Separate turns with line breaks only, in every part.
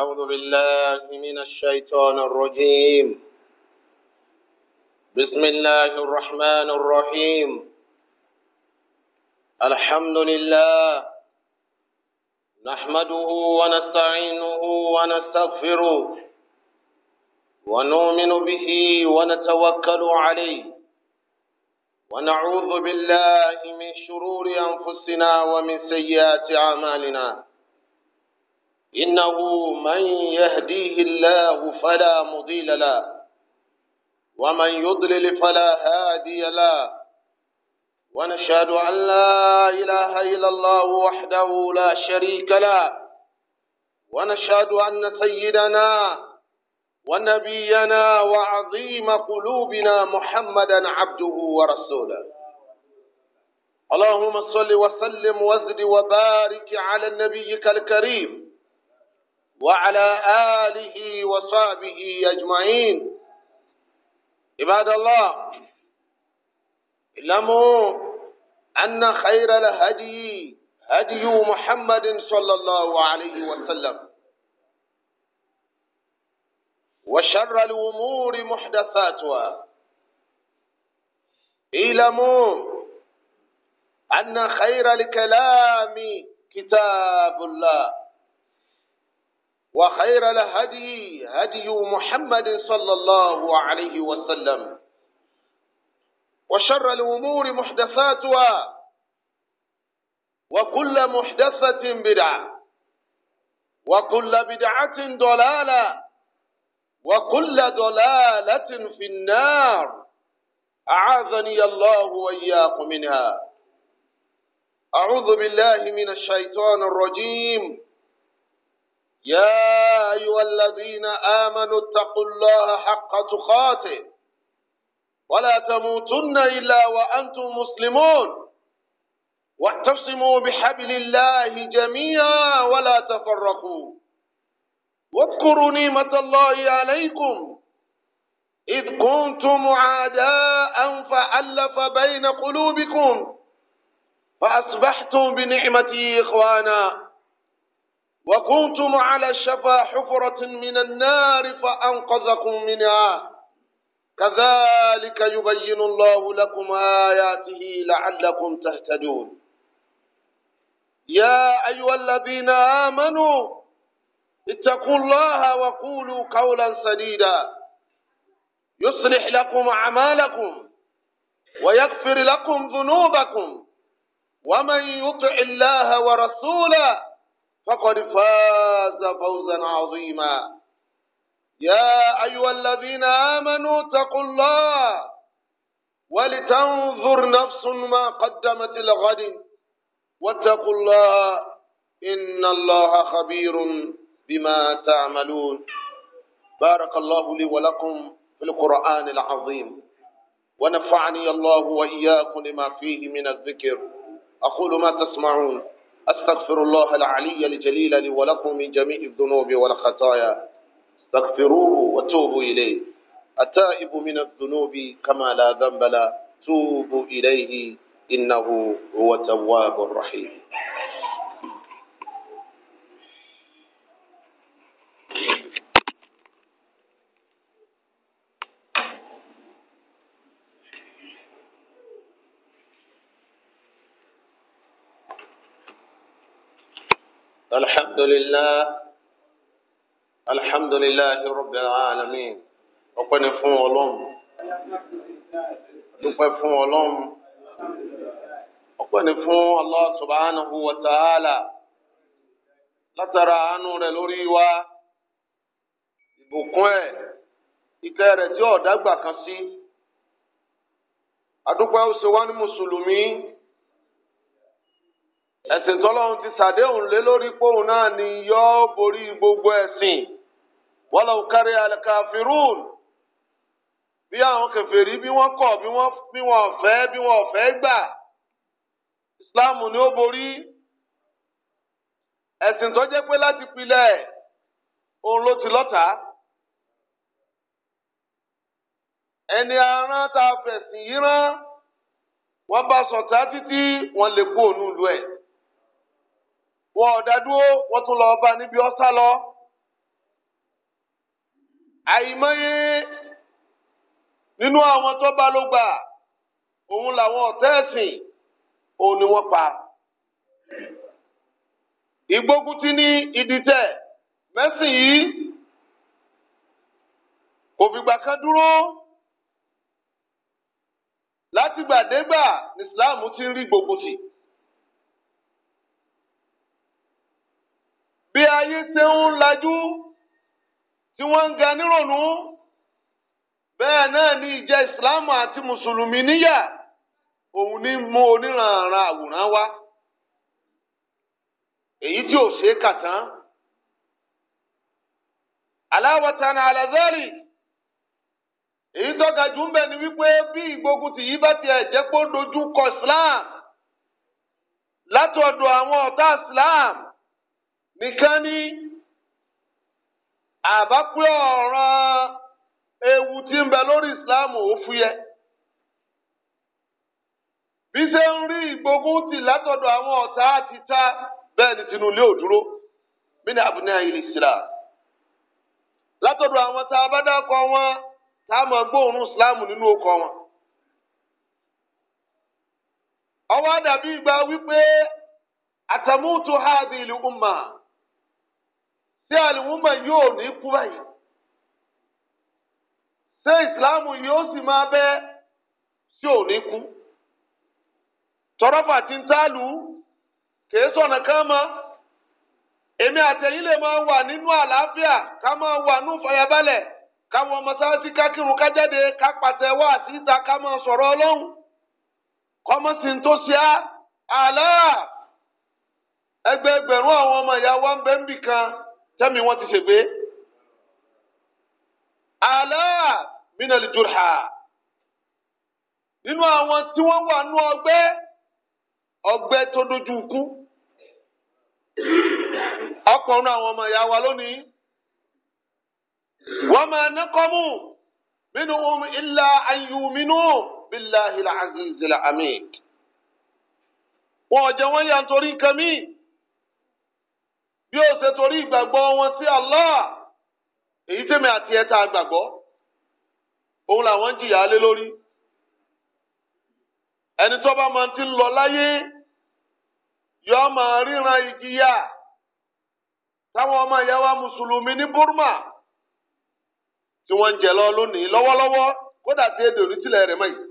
أعوذ بالله من الشيطان الرجيم بسم الله الرحمن الرحيم الحمد لله نحمده ونستعينه ونستغفره ونؤمن به ونتوكل عليه ونعوذ بالله من شرور أنفسنا ومن سيئات أعمالنا إنه من يهديه الله فلا مضل له ومن يضلل فلا هادي له ونشهد أن لا إله إلا الله وحده لا شريك له ونشهد أن سيدنا ونبينا وعظيم قلوبنا محمدا عبده ورسوله اللهم صل وسلم وزد وبارك على نبيك الكريم وعلى آله وصحبه أجمعين عباد الله اعلموا أن خير الهدي هدي محمد صلى الله عليه وسلم وشر الأمور محدثاتها اعلموا أن خير الكلام كتاب الله وخير الهدي هدي محمد صلى الله عليه وسلم وشر الأمور محدثاتها وكل محدثة بدعة وكل بدعة ضلالة وكل ضلالة في النار أعاذني الله وإياكم منها أعوذ بالله من الشيطان الرجيم يا أيها الذين آمنوا اتقوا الله حق تقاته ولا تموتن إلا وأنتم مسلمون واعتصموا بحبل الله جميعا ولا تفرقوا واذكروا نعمة الله عليكم إذ كنتم عداء فألف بين قلوبكم فأصبحتم بنعمتي إخوانا وكنتم على شفا حفرة من النار فأنقذكم منها كذلك يبين الله لكم آياته لعلكم تهتدون يا أيها الذين آمنوا اتقوا الله وقولوا قولا سديدا يصلح لكم أعمالكم ويغفر لكم ذنوبكم ومن يطع الله ورسوله فقد فاز فوزا عظيما يا أيها الذين آمنوا اتقوا الله ولتنظر نفس ما قدمت لغد واتقوا الله إن الله خبير بما تعملون بارك الله لي ولكم في القرآن العظيم ونفعني الله وإياكم لما فيه من الذكر أقول ما تسمعون أستغفر الله العلي الجليل لي ولكم من جميع الذنوب والخطايا استغفروه وتوبوا إليه التائب من الذنوب كما لا ذنب له توبوا إليه إنه هو التواب الرحيم Alhamdulillah الحمد لله رب العالمين ọpẹ́ ni fún ọlọ́run
dúpẹ́ fún ọlọ́run
ọpẹ́ ni fún Allah subhanahu wa ta'ala látara àánú rẹ̀ lórí wa ìbùkún ẹ, ike rẹ̀ tí ọ̀dàgbà kan sí adúpẹ́ ó ṣe wá ní mùsùlùmí. ẹ̀sìn tọ́lọ́run ti ṣàdéhùn lé lórí póun náà ni yọ́ọ́ borí gbogbo ẹ̀sìn wọ́lọ̀ kárí alikafirun bí àwọn kèfèrí bí wọ́n kọ̀ bí wọ́n bí wọ́n fẹ́ bí wọ́n fẹ́ gbà ìsìláàmù ni ó borí ẹ̀sìn tó jẹ́ pé láti pilẹ̀ òun ló ti lọ́ta ẹni aràn tá a fẹ̀sìn yìí rán wọ́n bá sọ̀tá títí wọ́n lè kú òun lu ẹ̀ wọn ọ̀dà dúró wọ́n tún lọ bá níbi ọ́sá lọ. àìmọye nínú àwọn tó bá ló gbà òun làwọn ọ̀tẹ́ òun ni wọ́n pa. ìgbógun ti ní ìdìtẹ̀ mẹ́sìn yìí kò fìgbà kan dúró látìgbàdégbà ní Islam ti ń rí gbogbo bí ayé ṣe ń lajú tí wọ́n ń ga nírònú bẹ́ẹ̀ náà ni ìjẹ́ Islam àti mùsùlùmí níyà òun ní mú oníranran àwòrán wá èyí tí ò ṣeé kà tán aláwọ̀tán àlàzẹ́rì èyí tọ́ka jù ń bẹ̀ ni wípé bí ìgbógun ti yí bá tiẹ̀ jẹ́ pé ó dojú kọ islam látọ̀dọ̀ àwọn ọ̀tá islam. nìkan ní àbápẹ́ ọ̀ràn ewu tí ń bẹ lórí ìsìláàmù ó fúyẹ́ bí ṣe ń rí ìgbógun tì látọ̀dọ̀ àwọn ọ̀tá àti ta bẹ́ẹ̀ ni tinúlé ò dúró mí ní àbúnyá ilé ìsìláàmù látọ̀dọ̀ àwọn tá a bá dákọ̀ wọn tá a máa gbóòórùn ìsìláàmù nínú ọkọ̀ wọn. ọwọ́ dàbí ìgbà wípé àtàmútu ṣé woman yóò ní kú báyìí ṣé ìsìláàmù yóò sì máa bẹ ṣé ò ní kú tọrọfà tí ń tálù kìí sọ̀nà ká mọ́ èmi àtẹ̀yìn lè máa wà nínú àlàáfíà ká máa wà ní ìfàyàbalẹ̀ káwọn mọ́sáàsì kákìrún kájáde ká pàṣẹ wá àti ká máa sọ̀rọ̀ ọlọ́run kọ́mọ́sì ń tó ṣe á sẹ́mi wọ́n ti ṣègbè àlá mínàlì jùlọ nínú àwọn tí wọ́n wà nú ọgbẹ́ ọgbẹ́ tó dojú ikú ọkùnrin àwọn ọmọ ìyá wa lónìí wọ́n máa naqamu minhum illa an yu'minu billahi al-aziz al wọn ò jẹ́ yà nítorí nǹkan míì bí ó ṣe torí ìgbàgbọ́ wọn sí Allah èyí tèmi àti ẹ̀ta àgbàgbọ́ òun làwọn ń jìyà lé lórí ẹni tó bá máa ti ń lọ láyé yóò máa ríran ìjìyà táwọn ọmọ ìyá wa mùsùlùmí ní Burma tí wọ́n ń jẹ lọ lónìí lọ́wọ́lọ́wọ́ kódà tí èdè onítìlẹ̀ rẹ̀ mọ́ yìí.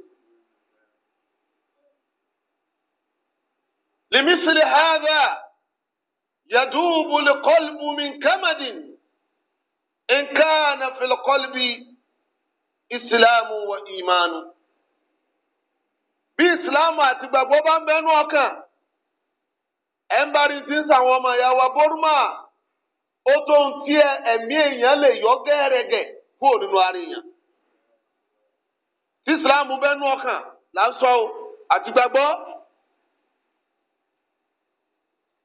lèmi يذوب القلب من كمد إن كان في القلب إسلام وإيمان bí ìsìláàmù àti gbàgbọ́ bá ń bẹnu ọkàn ẹnbàrí ti ń sàwọn ọmọ ìyá wa bórúmà ó tó ń tí ẹ̀mí èèyàn lè yọ gẹ́rẹ́gẹ́ kúrò nínú ara tí ìsìláàmù bẹnu ọkàn là àti gbàgbọ́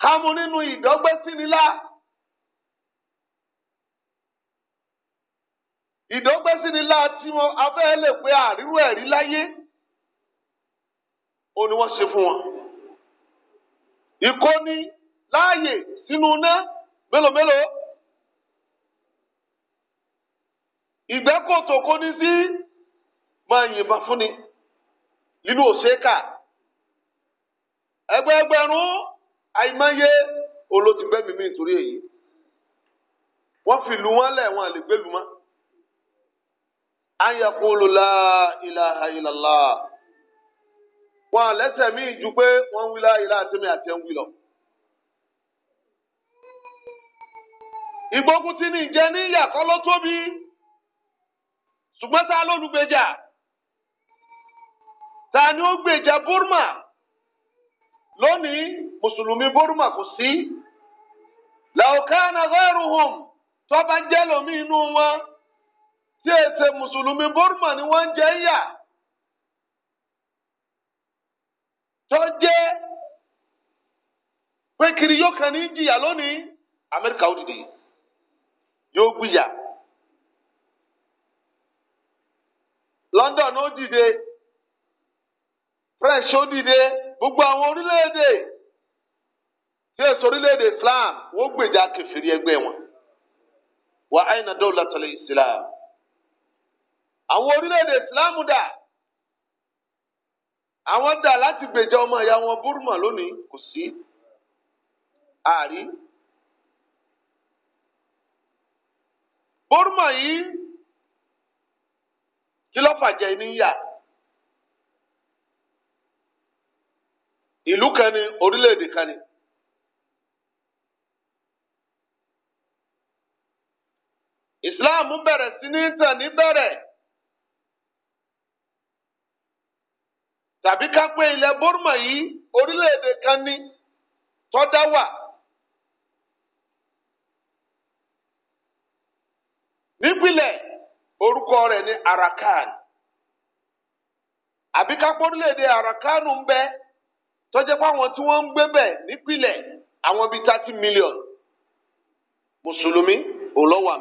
kámo nínú ìdọ́gbẹ́sínilá ìdọ́gbẹ́sínilá tí wọn afẹ́ lè pé àrírú ẹ̀rí láyé ó ní wọ́n ṣe fún wọn. ìkóni láàyè sínú iná mélòó mélòó ìgbẹ́kòtò kóni sí máa yìnbọn fúnni nínú òṣèkà ẹgbẹẹgbẹ̀rún. àìmọye olótìbẹ́mi mi nítorí èyí wọ́n fi lu wọn lẹ̀ wọn àlè gbẹ́lu mọ́ ayakulu la ilaha illallah wọn lẹ́sẹ̀ míì ju pé wọ́n ń wí la ilaha tẹ́mi àti ẹ̀ ń wí lọ. ní ìjẹ ní ìyàkọ́ ló tóbi ṣùgbọ́n tá a lólùgbèjà ta ni ó gbèjà Burma lónìí. musulumi bórúmà kò sí làókàna ghairuhum tọ́ba jẹ́ lómi inú wọn tí èsè musulumi bórúmà ni wọ́n ń jẹ́ ń yà tó jẹ́ pé kiri yóò kàn ní jìyà lónìí amẹ́ríkà ó dìde yóò gbìyà London ó dìde French ó dìde gbogbo àwọn orílẹ̀-èdè. sí ètò orílẹ̀-èdè Islam wọ́n gbèjà kẹfìrí ẹgbẹ́ wọn wà áyìnà dawlatul Islam àwọn orile ede Islam dà àwọn dà láti gbèjà ọmọ ìyá wọn Burma lónìí kò sí àárí. Burma yìí kí ló fàjẹ́ níyà ìlú kan ní orílẹ̀ kan ní. islam bẹ̀rẹ̀ sí ní tàn níbẹ̀rẹ̀ tàbí ká pé ilẹ̀ Burma yìí orílẹ̀-èdè kan ní tọ́dá wà. nípìnlẹ̀ orúkọ rẹ̀ ní Arakan àbí ká pé orílẹ̀-èdè Arakan ń bẹ tọ́jẹ́ pé àwọn tí wọ́n ń gbé bẹ̀ nípìnlẹ̀ àwọn bíi thirty million mùsùlùmí òun ló wà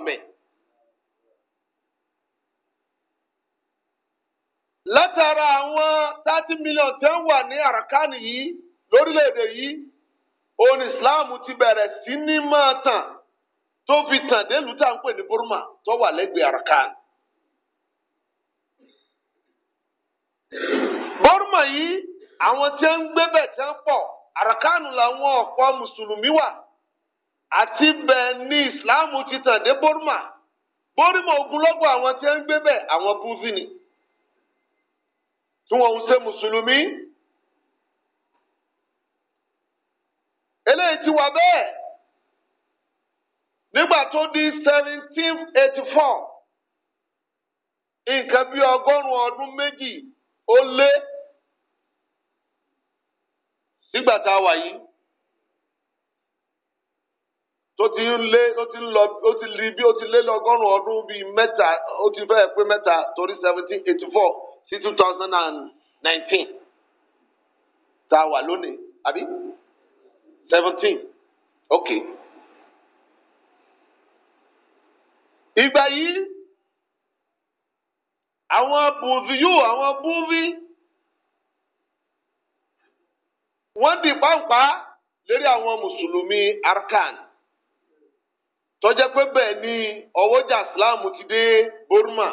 látara àwọn thirty million tẹ́ ń wà ní àràkánì yìí lórílẹ̀‐èdè yìí òun Islam ti bẹ̀rẹ̀ sí ní máa tàn tó fi tàn délùú tá à ń pè ní Burma tó wà lẹ́gbẹ̀ẹ́ àràkánì. Burma yìí àwọn tí ń gbé bẹ̀ tí ń pọ̀ àràkánì làwọn ọ̀pọ̀ mùsùlùmí wà àti bẹ́ẹ̀ ni Islam ti tàn dé Burma Burma ogunlọ́gọ̀ àwọn tí ń gbé bẹ̀ àwọn búzi ni tí wọ́n ń ṣe mùsùlùmí. eléyìí ti wà bẹ́ẹ̀ nígbà tó di seventeen eighty four nǹkan bí ọgọ́rùn-ún ọdún méjì ó lé nígbà tá a wà yìí tó ti ń lé tó ti ń lọ ó ti lé bí ó ti lé lọ́gọ́rùn-ún ọdún bíi mẹ́ta ó ti fẹ́ẹ̀ pé mẹ́ta torí seventeen eighty four sí two thousand and nineteen tá a wà lónìí àbí seventeen ok. ìgbà yìí àwọn bùnzi yóò àwọn bùnzi wọ́n di pàǹpá lérí àwọn mùsùlùmí arkan tó jẹ́ pé bẹ́ẹ̀ ni ọwọ́jà islam ti dé Burma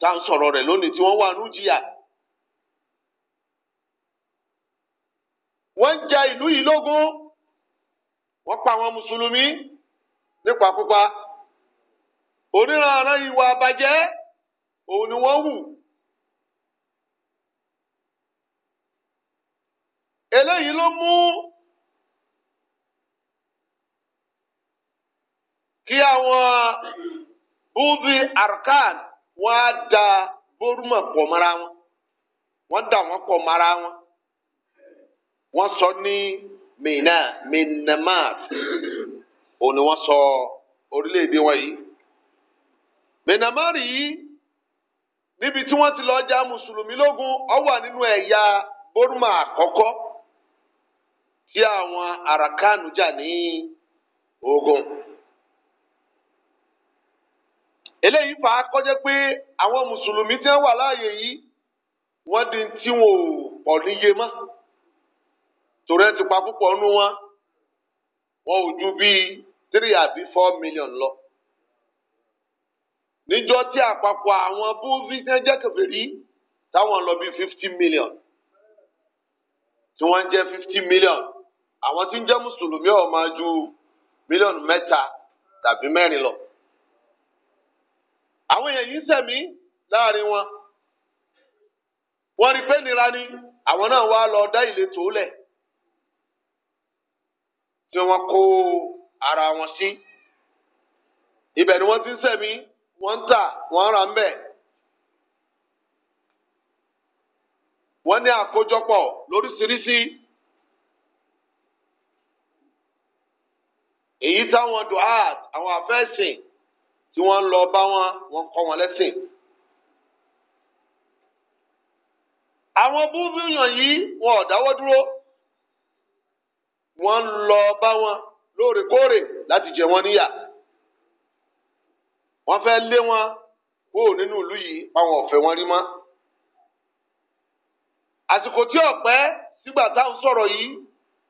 tá ń sọ̀rọ̀ rẹ̀ lónìí tí wọ́n wà nú jìyà. wọ́n ń ja ìlú yìí lógún wọ́n pa àwọn mùsùlùmí nípakúpa oníranran ìwà àbàjẹ́ òun ni wọ́n hù. eléyìí ló mú kí àwọn búzi arkan wọ́n á da bórúmọ̀ mara wọn wọ́n da wọn wọ́n sọ ní mina minamaf òun ni sọ wọn yìí yìí níbi tí wọ́n ti lọ já mùsùlùmí lógún nínú ẹ̀yà tí àwọn arakanu jà ní ogun. eléyìí fà á kọjá pé àwọn mùsùlùmí tí wọ́n wà láàyè yìí wọ́n di tí wọn ò pọ̀ níye mọ́ torí ẹ ti pa púpọ̀ nú wọn wọn ò ju bíi three àbí four million lọ níjọ́ tí àpapọ̀ àwọn búrúdì tí wọ́n jẹ́ kèfèrí táwọn lọ bíi fifty million tí wọ́n ń jẹ́ fifty million àwọn tí ń jẹ́ mùsùlùmí ọ̀ máa ju mílíọ̀nù mẹ́ta tàbí mẹ́rin lọ. àwọn èèyàn yìí sẹ̀mí láàrin wọn wọ́n rí pé nira ni àwọn náà wá lọ dá ìletò lẹ̀ tí wọ́n kó ara wọn sí ibẹ̀ ni wọ́n ti ń sẹ̀mí wọ́n ń tà wọ́n ń ra ń bẹ̀. wọ́n ní àkójọpọ̀ lóríṣiríṣi èyí táwọn duhat àwọn àfẹ́sìn. tí wọ́n ń lọ bá wọn wọ́n kọ́ wọn lẹ́sìn. àwọn búbúyàn yìí wọn ò dáwọ́ dúró wọ́n ń lọ bá wọn lóòrèkóòrè láti jẹ wọ́n níyà wọ́n fẹ́ lé wọn kó nínú ìlú yìí àwọn ọ̀fẹ́ wọn rí mọ́. àsìkò tí ọ̀pẹ́ sígbà táwọn sọ̀rọ̀ yìí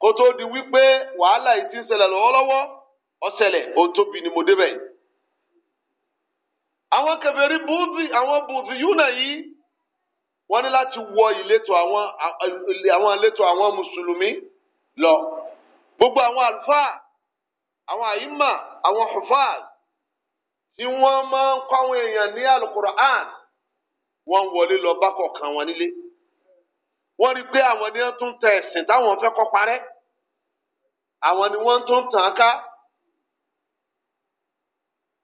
kó tó di wípé wàhálà yìí ti ń ṣẹlẹ̀ lọ́wọ́lọ́wọ́ ó ṣẹlẹ̀ tóbi ni mo débẹ̀ àwọn kèfèrí búùtì àwọn búùtì yúnà yìí wọ́n ní láti wọ ìletò àwọn àwọn ìletò àwọn mùsùlùmí lọ gbogbo àwọn àlùfáà àwọn àyímà àwọn hufaz tí wọ́n máa ń kọ́ àwọn èèyàn ní alukur'an wọ́n wọlé lọ bá kọ̀ọ̀kan wọn nílé wọ́n rí i pé àwọn ni tún tẹ ẹ̀sìn táwọn fẹ́ kọ́ parẹ́ àwọn ni wọ́n tún tàn án ká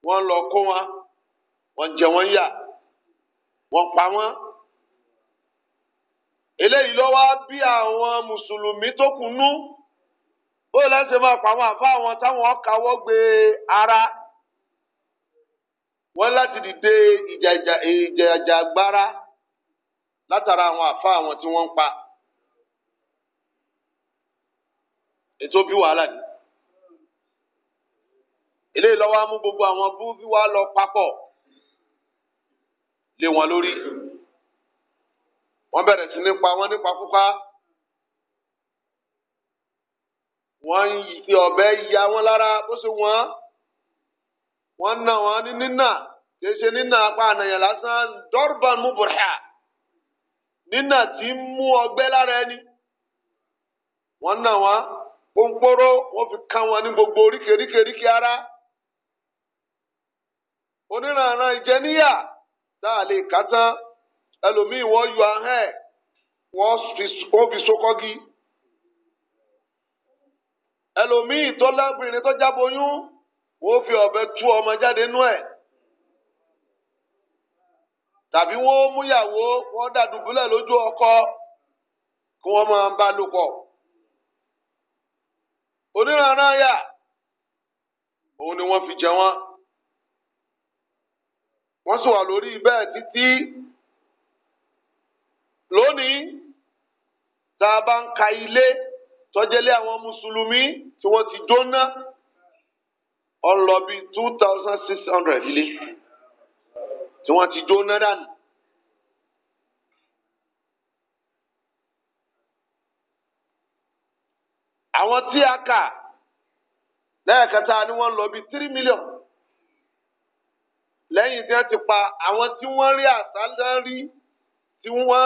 wọ́n lọ kó wọn wọ́n jẹ wọ́n yà wọ́n pa wọ́n. eléyìí lọ́wọ́ bí àwọn mùsùlùmí tó kù nú ó lẹ́sẹ̀ máa pa àwọn àfa àwọn táwọn kawọ́ gbé ara wọ́n láti dìde ìjàjàgbara látara àwọn àfa àwọn tí wọ́n ń pa. ètò bí wàhálà ni eléyìí lọ́wọ́ á mú gbogbo àwọn búrúkú wa lọ papọ̀. lé wọn lórí wọ́n bẹ̀rẹ̀ sí nípa wọn nípa púpá wọn ń fi ọ̀bẹ ya wọn lára bó ṣe wọn wọ́n nà wọ́n ní nínà kì í ṣe nínà apá ànàyàn lásán dọ́rbàn múbùrẹ́à nínà tí ń mú ọgbẹ lára ẹni Wọn nà wọ́n pọ́npọ́rọ́ wọn fi kán wọn ní gbogbo oríkèéríkèéríkèé ara oníranran ìjẹníyà. tá a lè kà tán ẹlòmíì wọ́n yọ ahọ́n ẹ̀ wọ́n fi sokọ́gi ẹlòmíì tó lábìrin tó jáboyún wọ́n fi ọ̀bẹ tú ọmọ jáde nú ẹ̀ tàbí wọ́n múyàwó wọ́n dàdúgbúlẹ̀ lójú ọkọ kí wọ́n máa bá lò pọ̀ yà òun ni wọ́n fi jẹ wọ́n wọ́n sì wà lórí bẹ́ẹ̀ títí lónìí tá a bá ń ka ilé tọ́jẹ́lé àwọn mùsùlùmí tí wọ́n ti jóná ọlọ two thousand six hundred ilé tí wọ́n ti jóná dànù. àwọn tí a kà lẹ́ẹ̀kẹta ni wọ́n lọ bíi three million lẹ́yìn tí wọ́n ti pa àwọn tí wọ́n rí àsálá rí tí wọ́n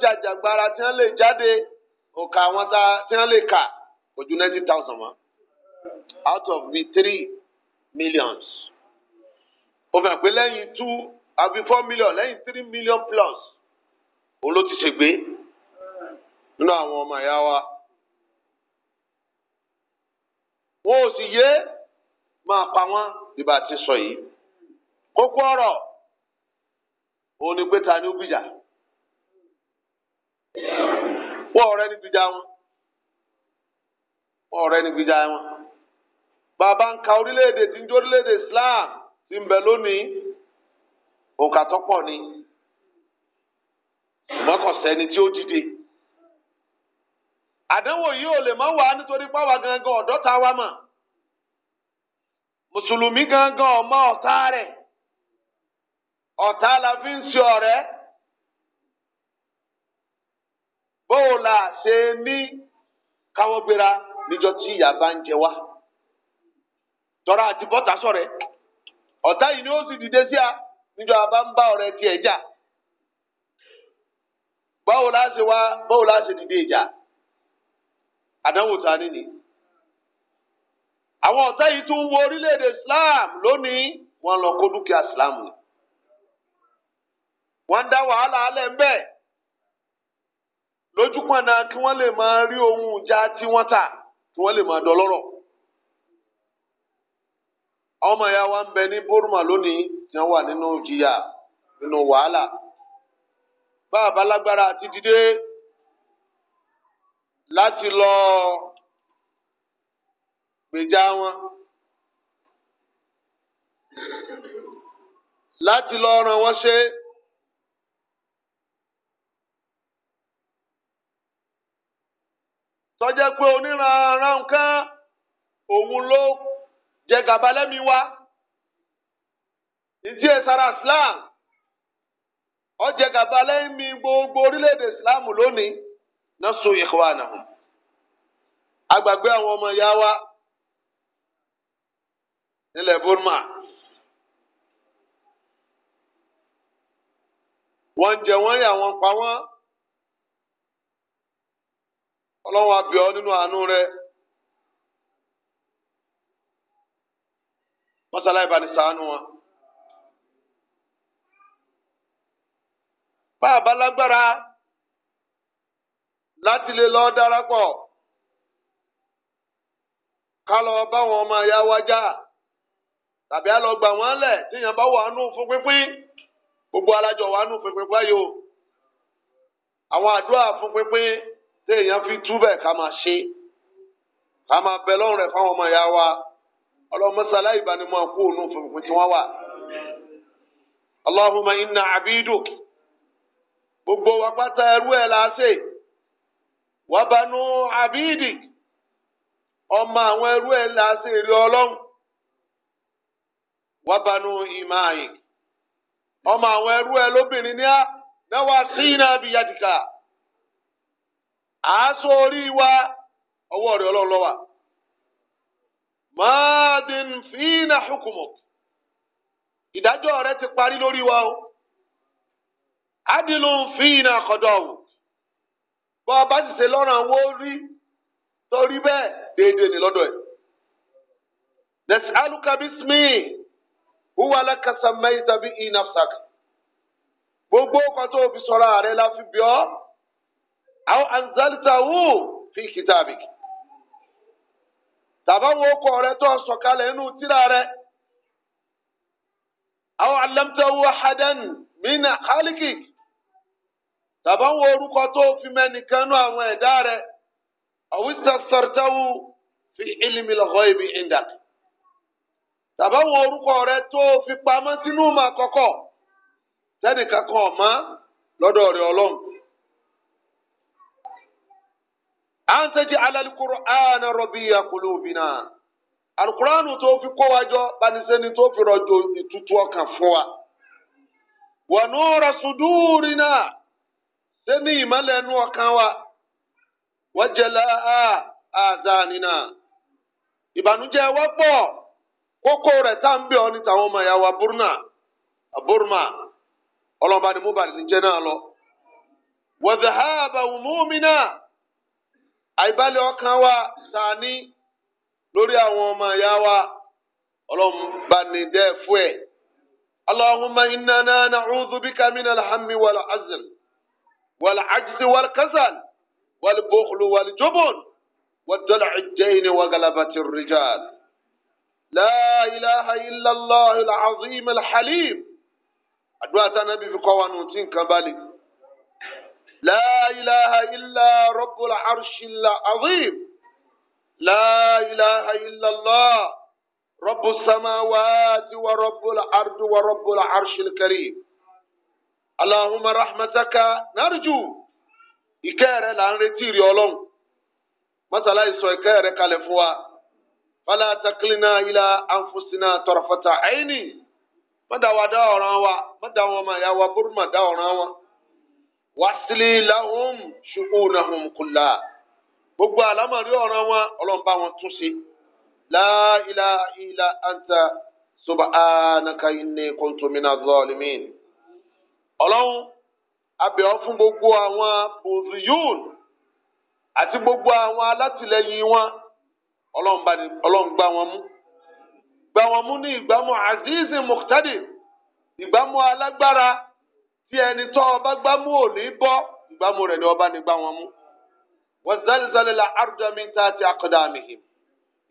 jàjàgbara tí wọ́n lè jáde òkà àwọn tí wọ́n lè kà kò ninety thousand mọ́ out of the three millions ó fẹ́ pé lẹ́yìn two àbí four million lẹ́yìn three million plus òun ló ti ṣègbè nínú àwọn ọmọ ìyá wa wọn ò sì yé máa pa wọn ìbá ti sọ yìí. kókó ọrọ òun ni pé ni ọ̀rẹ́ ní gbìjà wọn wọn ọ̀rẹ́ ní gbìjà wọn bàbá ń orílẹ̀-èdè tí ń jó orílẹ̀-èdè Islam ti ń bẹ lónìí òǹkà tó ni wọn kò sẹ́ni tí ó dìde àdánwò yìí ò lè nítorí gangan wa mọ̀ mùsùlùmí gangan ọmọ ọ̀tá ọ̀tá la fi ń ṣe ọ̀rẹ́ ṣe ní káwọ́ níjọ tí ìyàbá ń jẹ wá tọ́ra àti bọ́tà sọ̀rẹ́ ọ̀tá yìí ni ó sì dìde sí a ọ̀rẹ́ jà ṣe dìde ìjà àdánwò ni àwọn yìí tún orílẹ̀-èdè Islam lọ kó dúkìá Islam wọ́n ń dá wàhálà alẹ́ ń bẹ́ẹ̀ kí wọ́n lè máa rí ohun ìjà tí wọ́n tà kí wọ́n lè máa dọlọ́rọ̀. ọmọ ya wa ń bẹ ní Burma lónìí tí wọ́n wà nínú jìyà nínú wàhálà bá a bá lágbára àti dìde láti lọ gbèjà wọn láti lọ ràn wọ́n ṣe. tọ́jẹ́ pé oníranran nǹkan òun ló jẹ gàba lẹ́mi wá ìdí ẹ̀sára Islam ọjẹ gàba lẹ́mi gbogbo orílẹ̀-èdè Islam lónìí náà so ikhwanahum agbàgbé àwọn ọmọ ìyá wa nílẹ̀ Burma. wọ́n jẹ wọ́n yà wọ́n pa wọ́n. ọlọ́run àbíọ́ nínú àánú rẹ mọ́sálá ìbánisàánú wọn. bá a bá lágbára láti lè lọ darapọ̀ ká lọ báwọn ọmọ ìyá wa tàbí á lọ gbà wọ́n lẹ̀ yàn bá wà nù fún pínpín gbogbo alájọ wà nù fún pínpín báyìí o àwọn àdúrà fún pínpín. téèyàn fi túbẹ̀ ká máa ṣe ká máa bẹ lọ́rùn rẹ̀ fáwọn ọmọ ìyá wa ọlọ́mọsálá ìbánimọ̀ kú òun fòfin tí wọ́n wà. Allahumma inna abiduk gbogbo wa pátá ẹrú ẹ̀ la ṣe wa banu abidik ọmọ àwọn ẹrú ẹ̀ la ṣe èrè ọlọ́run wa banu ọmọ àwọn ẹrú ẹ̀ lóbìnrin ní náwó àti ìnàbíyàdìkà. àásọ orí wa ọwọ́ rẹ̀ ọlọ́run lọ́wà maadin fina hukumu ìdájọ́ rẹ̀ ti parí lórí wa o adilun fina kọdọ̀wù bọ́ ọba sì ṣe lọ́ràn wó rí torí bẹ́ẹ̀ déédéé lọdọ lọ́dọ̀ ẹ̀ nas'aluka bismi huwa laka samaita bi nafsaka gbogbo ọkọ̀ tó fi sọ̀rọ̀ ààrẹ la fi aw anzaltahu fi kitabik tàbá wo kọ rẹ tó sọ̀kalẹ̀ inú tírà rẹ aw allamtahu ahadan min khalikik tàbá wo orúkọ tó fi mẹ́nìkan nú àwọn ẹ̀dá rẹ àwítàsọ̀tàwù fi ilmi al-ghaibi indak tàbá wo orúkọ rẹ tó fi pamọ́ sínú màkọ́kọ́ sẹ́nìkan kan ọ̀ mọ́ lọ́dọ̀ rẹ ọlọ́run. أنت tẹ́jú al-Qur'an rabi'a qulubina alukuraanu tó fi kó wa jọ banisẹ́ni tó ونور rọ̀jò ìtutù ọkàn fún وجلاء wa nura sudurina sẹ́ni ìmọ̀lẹ́nu ọkàn wa wa jalaa azanina ìbànújẹ́ wa pọ̀ kókó rẹ̀ tá à ní tàwọn ọmọ ìyá wa burna burma ni mo bàlẹ́ níjẹ́ náà lọ wa dhahaba umumina àìbálẹ̀ ọkàn wa tá a ní lórí àwọn ọmọ ìyá wa ọlọ́run bá ní dẹ́ fún ẹ̀. اللهم إنا نعوذ بك من الهم والعزل والعجز والكسل والبخل والجبن ودلع الدين وغلبة الرجال لا إله إلا الله العظيم الحليم أدوات tí في fi kọ́ لا إله إلا رب العرش العظيم لا إله إلا الله رب السماوات ورب الأرض ورب العرش الكريم اللهم رحمتك نرجو ìkẹ́rẹ́ là ń retí rí ọlọ́run mọ́tàlá ìsọ ìkẹ́rẹ́ kalẹ̀ fún wa fala taklina ila anfusina tarfata aini mọ́tàwá dá ọ̀ràn wa mọ́tàwọn ọmọ ìyá wa burúkú dá ọ̀ràn wọn wàsílì làwọn ṣùgbọ́n àwọn kùlà gbogbo àlámọ̀rí ọ̀ràn wọn ọlọ́run bá wọn tún ṣe la ilaha illa anta subhanaka inni kuntu minaz zalimin ọlọ́run abẹ́ ọ fún gbogbo àwọn bùzùyún àti gbogbo àwọn alátìlẹyìn wọn ọlọ́run gbá wọn mú gbá wọn mú ní ìgbàmú azizi muqtadir ìgbàmú alágbára. tí ẹni tọ ọba gbámú ò ní bọ́ ìgbámú rẹ̀ ni ọba ní gbá mú. wọ́n zálizálí la arúgbó mi ta ti akọ̀dá mi hì.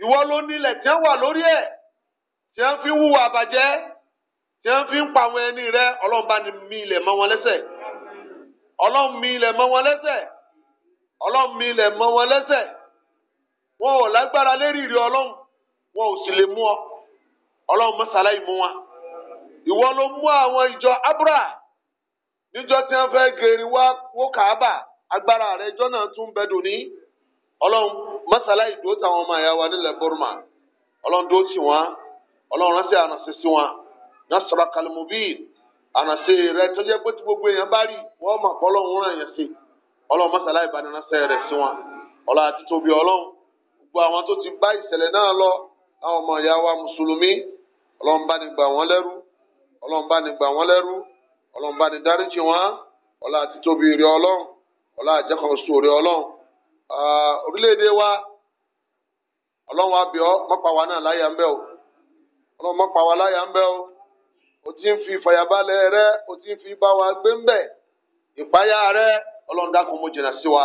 ìwọ ló nílẹ̀ tí wọ́n wà lórí ẹ̀ tí wọ́n fi ń àbàjẹ́ tí wọ́n fi ń pa àwọn ẹni rẹ̀ ọlọ́run wọn lẹ́sẹ̀. ọlọ́run mi ilẹ̀ mọ́ wọn lẹ́sẹ̀. ọlọ́run mi ilẹ̀ mọ́ wọn lẹ́sẹ̀. wọn ò lágbára lérí ìrì ọlọ́run wọn ò sì lè mú ọ ọlọ́run mọ́sálá ìmú wọn ìwọ ló mú àwọn ìjọ níjọ́ tí wọ́n fẹ́ gèrè wá wó kàábà agbára rẹ̀ ìjọ náà tún bẹ dùn ní ọlọ́run mọ́sálá ìdó táwọn ọmọ ẹ̀yà wa nílẹ̀ Burma ọlọ́run dó tì wọ́n ọlọ́run ránṣẹ́ ànàṣe sí wọn nasara kalimobin ànàṣe rẹ̀ tó jẹ́ pé tí gbogbo èèyàn bá rí wọ́n mọ̀ pé ọlọ́run ràn yẹn sí ọlọ́run mọ́sálá ìbániránṣẹ́ rẹ̀ sí wọn ọlọ́run àti tóbi ọlọ́run gbogbo àwọn tó ti bá ìṣẹ̀lẹ̀ náà lọ àwọn ọmọ ẹ̀yà wa mùsùlùmí ọlọ́run bá ní gbà wọ́n lẹ́rú ọlọ́run bá ní gbà wọ́n lẹ́rú ọlọ́run bá ní dáríjì wọn ọlá àti tóbi rẹ ọlọ́run ọlá àjẹkọ̀ oṣù rẹ ọlọ́run orílẹ̀-èdè wa ọlọ́run abiọ́ mọ́pa wa náà láyà ń bẹ́ o ọlọ́run mọ́pa wa láyà ń bẹ́ o o ti ń fi ìfàyàbalẹ̀ rẹ o ti ń fi bá wa gbé ń bẹ̀ ìpáyà rẹ ọlọ́run dákun mo jìnnà sí wa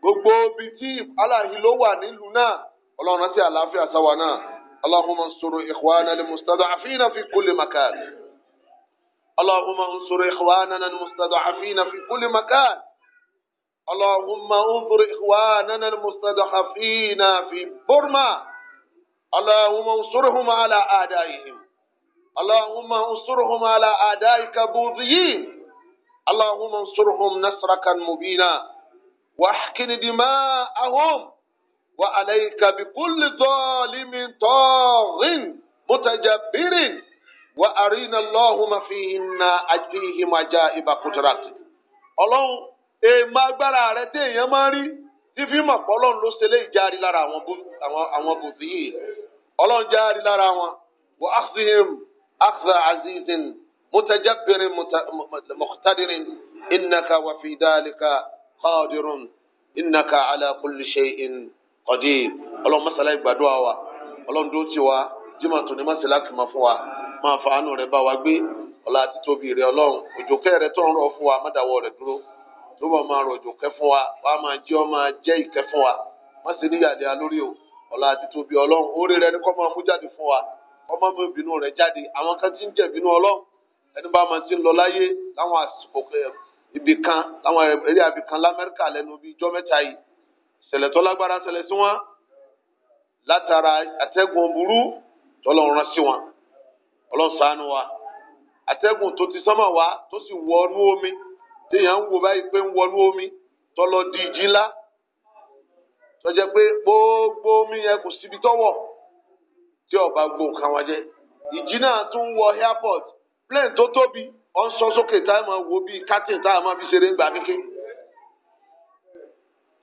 gbogbo ibi tí aláhi ló wà nílùú náà ọlọ́run rántí àlàáfíà sáwa náà Allahumma nsuru ikhwana al-mustada'afina fi kulli اللهم انصر إخواننا المستضعفين في كل مكان اللهم انصر إخواننا المستضعفين في بورما، اللهم انصرهم على أعدائهم اللهم انصرهم على أعدائك بوذيين اللهم انصرهم نصرك مبينا واحقن دماءهم وعليك بكل ظالم طاغ متجبر wa àrínà فيهن fi hinna àdìhìm ajá ibà kùtàràtì. ọlọ́run èèmọ̀ agbára rẹ tí èèyàn máa ń rí tí fi mọ̀ pé ọlọ́run ló ṣe léyìí járe lára àwọn bùbí yìí ọlọ́run járe lára wọn wa àkùsìhìm àkùsà àzìzìn mùtàjàbìrin mùtàdìrin ìnàkà wàfìdálìkà kọ́ọ̀dìrún ìnàkà alákùlùṣe ìnkọ̀dí ọlọ́run mọ́sálá ìgbàdo àwa ọlọ́run dó tiwa jimá tó ní mọ́sálá kìí máa fún wa máa fa àánú rẹ bá wa gbé ọlá àti tóbi rẹ ọlọ́run òjòkẹ́ rẹ tó ń rọ̀ fún wa mọ́dàwọ́ rẹ dúró tó bọ̀ máa rọ̀ òjòkẹ́ fún wa wá máa jẹ́ ọ máa jẹ́ ìkẹ́ fún wa má sì ní yàdé alórí o ọlá àti tóbi ọlọ́run orí rẹ ni kọ́ máa mú jáde fún wa kọ́ máa mú ìbínú rẹ jáde àwọn kan ti ń jẹ ìbínú ọlọ́run ẹni bá máa ti ń lọ láyé láwọn àsìkò ibì kan láwọn eré abì kan lamẹ́ríkà lẹ́nu bíi ijọ́ mẹ́ta yìí ìṣẹ̀lẹ̀ tó lágbára ṣẹlẹ̀ sí wọn látara àtẹ́gùn burú tọ́lọ́run sí wọn ọlọ́run ṣàánú wa atẹ́gùn tó ti sánmà wá tó sì wọnú omi téèyàn ń wo báyìí pé ń wọnú omi tọlọ di ìjì ńlá tọjẹ pé gbogbo omi yẹn kò síbi tọwọ tí ọba gbó nǹkan wọn jẹ ìjì náà tún ń wọ airport plane tó tóbi ọ ń sọ sókè tá a máa wo bíi captain tá a máa fi ṣeré ńgbà kéke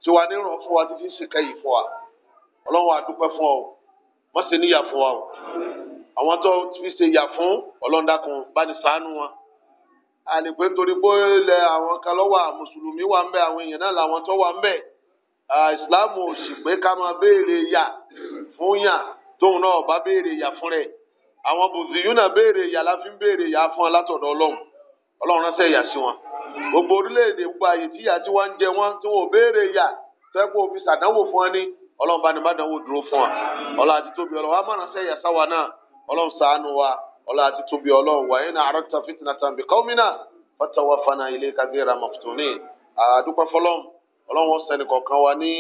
tí wàá ní ràn fún wa títí ṣèkẹyìí fún wa ọlọ́run a fún ọ mọ́sẹ̀ níyà fún wa o. àwọn tó fi ṣe yà fún ọlọ́ńdàkùn bá ní ṣàánú wọn àlèpé torí pé ilẹ̀ àwọn kan lọ́wọ́ mùsùlùmí wà ń bẹ àwọn èèyàn náà làwọn tó wà ń bẹ ìsìláàmù ò sì pé ká máa béèrè yà fún yà tóun náà bá béèrè yà fún rẹ̀ àwọn bùzìyún náà béèrè yà láfi ń béèrè yà fún alátọ̀dọ̀ ọlọ́run ọlọ́run ránṣẹ́ ìyà sí wọn gbogbo orílẹ̀-èdè gbogbo àyè tí ìyà tí wọ́n ń jẹ wọ́n tí wọ́n béèrè yà fẹ́kọ̀ òfin ṣàdánwò fún wọn ní ọlọ́run bá ní bá dánwò dúró fún wọn ọlọ́run àti tóbi ọlọ́run á má ránṣẹ́ ìyà sáwa náà ọlọ́run ṣàánú wa ọlọ́run àti tóbi ọlọ́run wa yẹn náà àrọ́tà fitnatan bi qaumina fatawaffana ilayka ghayra maftunin àdúpẹ́ fọlọ́run ọlọ́run ó ṣe ẹnìkọ̀ọ̀kan wa ní